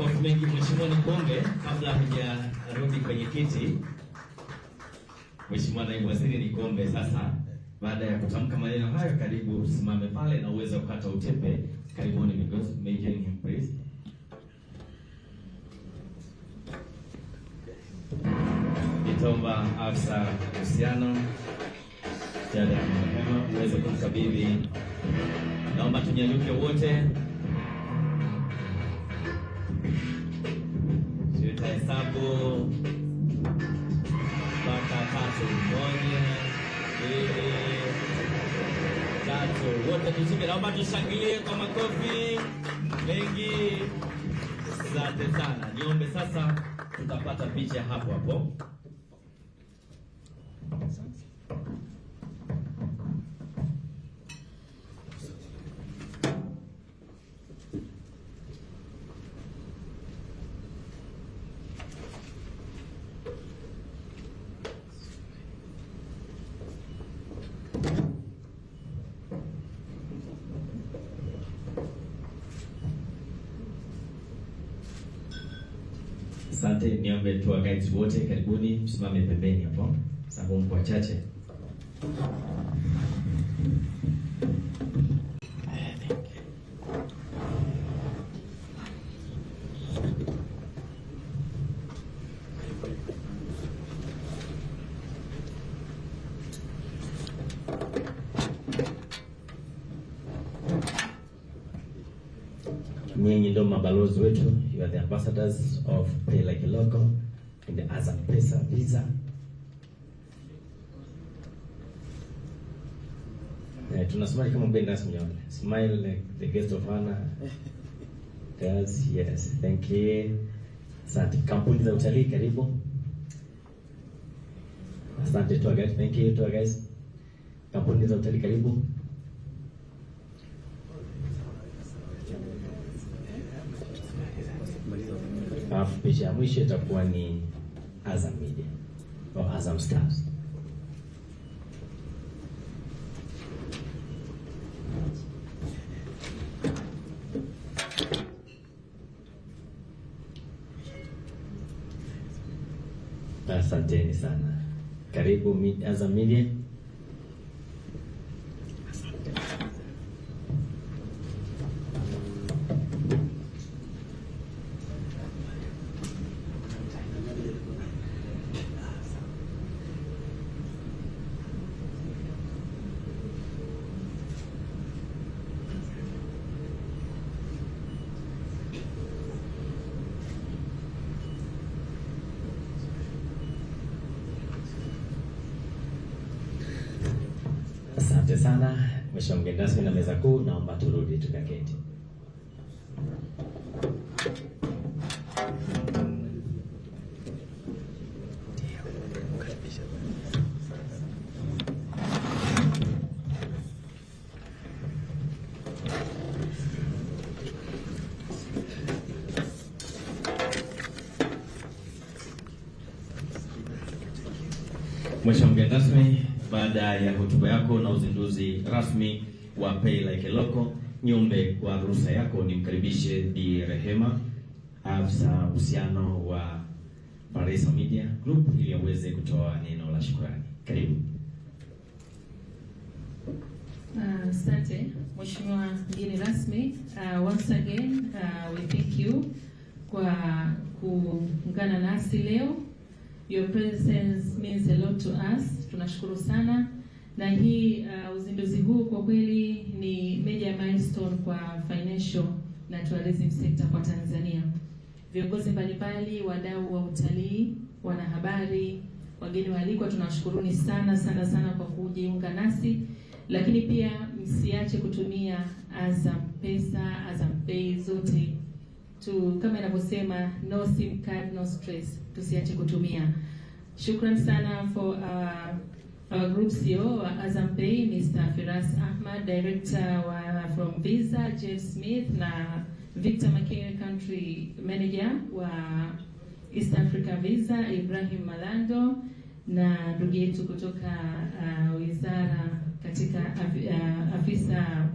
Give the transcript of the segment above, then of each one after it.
makofi mengi Mheshimiwa Nikombe. Kabla hujarudi kwenye kiti, Mheshimiwa Naibu Waziri Nikombe, sasa baada ya kutamka maneno hayo, karibu usimame pale na uweze kukata utepe. Karibuni because making him praise. afisa uhusiano Jada Mahema uweze kumkabidhi. Naomba tunyanyuke wote. hesabu patakaso moja mbili tatu, wote tushike. Naomba tushangilie kwa makofi mengi. sate sana, niombe sasa, tutapata picha hapo hapo. Asante, niombe tu guides wote karibuni, msimame pembeni hapo, sababu mko wachache. mabalozi wetu, you are the ambassadors of Pay Like a Local and the Pesa Visa. Eh, tunasmile kama mgeni rasmi yone. Yaani. Smile like the guest of honor. Yes, yes. Thank you. Asante. Kampuni za utalii karibu. Asante tour guide. Thank you tour guys. Kampuni za utalii karibu. alafu picha ya mwisho itakuwa ni Azam Media au Azam Stars. Asanteni sana, karibu Azam Media. Asante sana Mheshimiwa mgeni rasmi na meza kuu, naomba turudi tukaketi. Mheshimiwa mgeni rasmi baada ya hotuba yako na uzinduzi rasmi wa Pay Like a Local, nyumbe wa ruhusa yako nimkaribishe Bi Rehema, afisa uhusiano wa Baresa Media Group ili aweze kutoa neno la shukrani. Karibu. Asante uh, Mheshimiwa mgeni rasmi uh, once again uh, we thank you kwa kuungana nasi leo Your presence means a lot to us. Tunashukuru sana na hii uh, uzinduzi huu kwa kweli ni major milestone kwa financial na tourism sector kwa Tanzania. Viongozi mbalimbali, wadau wa utalii, wanahabari, wageni waalikwa, tunawashukuruni sana sana sana kwa kujiunga nasi, lakini pia msiache kutumia Azam Pesa, Azam Pay zote tu, kama inavyosema no SIM card no stress, tusiache kutumia. Shukran sana for our, uh, our group CEO wa Azam Pay Mr. Firas Ahmad, director wa from Visa Jeff Smith na Victor Makere, country manager wa East Africa Visa Ibrahim Malando na ndugu yetu kutoka uh, wizara katika af, uh, afisa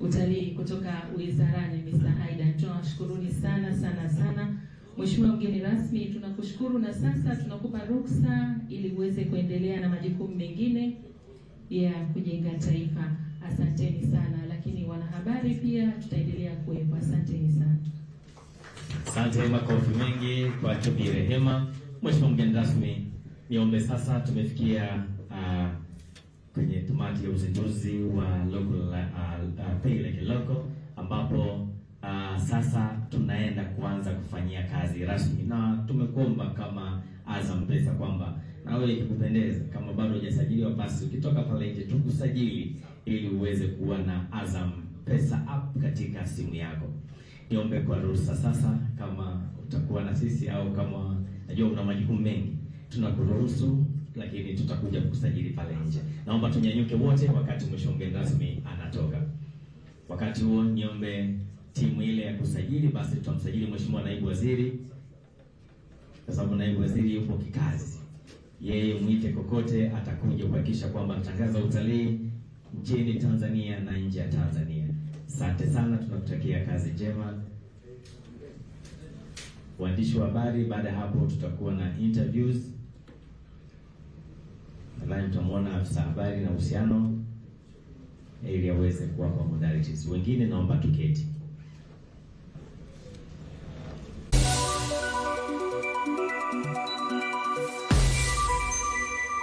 utalii kutoka wizarani Mr. Aidan Joa. Shukuruni sana sana sana. Mheshimiwa mgeni rasmi, tunakushukuru na sasa tunakupa ruksa ili uweze kuendelea na majukumu mengine ya kujenga taifa. Asanteni sana, lakini wanahabari pia tutaendelea kuwepo. Asanteni sana. Asante, makofi mengi kwa Chumi Rehema. Mheshimiwa mgeni rasmi, niombe sasa tumefikia uh, ya uzinduzi wa local uh, pay uh, like local ambapo uh, sasa tunaenda kuanza kufanyia kazi rasmi, na tumekuomba kama Azam Pesa kwamba wewe ikikupendeza, kama bado hujasajiliwa, basi ukitoka pale nje tukusajili ili uweze kuwa na Azam Pesa app katika simu yako. Niombe kwa ruhusa sasa, kama utakuwa na sisi au kama najua una majukumu mengi, tunakuruhusu lakini tutakuja kusajili pale nje. Naomba tunyanyuke wote, wakati mheshimiwa mgeni rasmi anatoka. Wakati huo niombe timu ile ya kusajili, basi tutamsajili mheshimiwa naibu waziri, kwa sababu naibu waziri yupo kikazi. Yeye mwite kokote, atakuja kuhakikisha kwamba anatangaza utalii nchini Tanzania na nje ya Tanzania. Asante sana, tunakutakia kazi njema. Waandishi wa habari, baada ya hapo tutakuwa na interviews nadhani tutamwona afisa habari na uhusiano ili aweze kuwapa modalities. Wengine naomba tuketi.